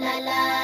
la la.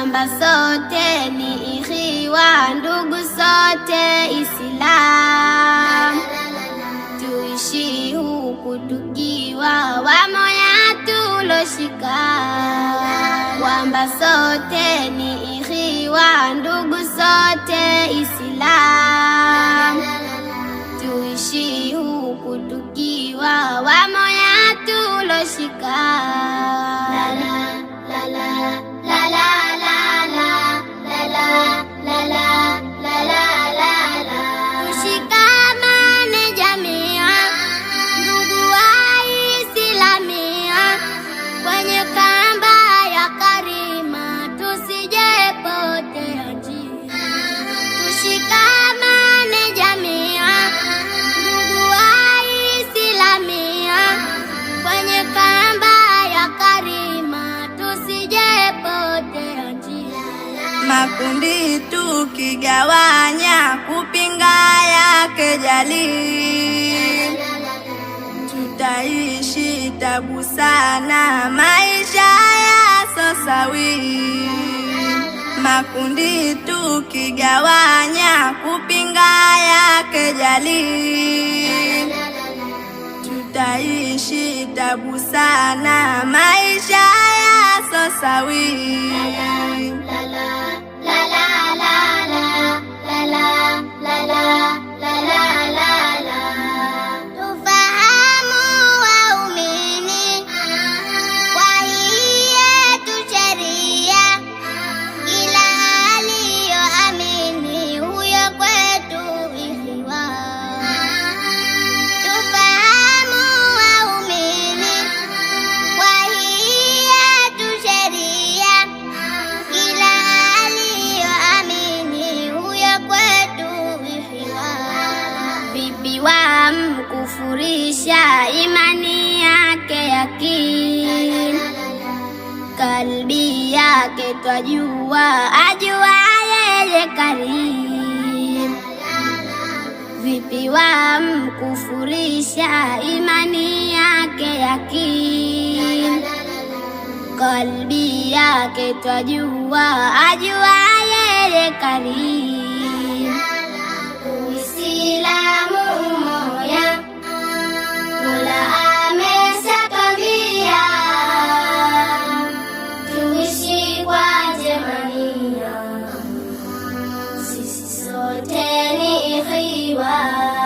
kwamba sote ni ikhiwa, ndugu sote Islam, tuishi huku tukiwa wamoya, tuloshika kwamba sote ni ikhiwa, ndugu sote Islam. makundi tukigawanya, kupinga yake jali, tutaishi tabu sana, maisha ya sosawi. Makundi tukigawanya, kupinga yake jali, tutaishi tabu sana, maisha ya sosawi. biwa mkufurisha imani yake yakini, kalbi yake twajua, ajua yeye karim Vipi wa mkufurisha imani yake yakini, kalbi yake twajua, ajua طيبا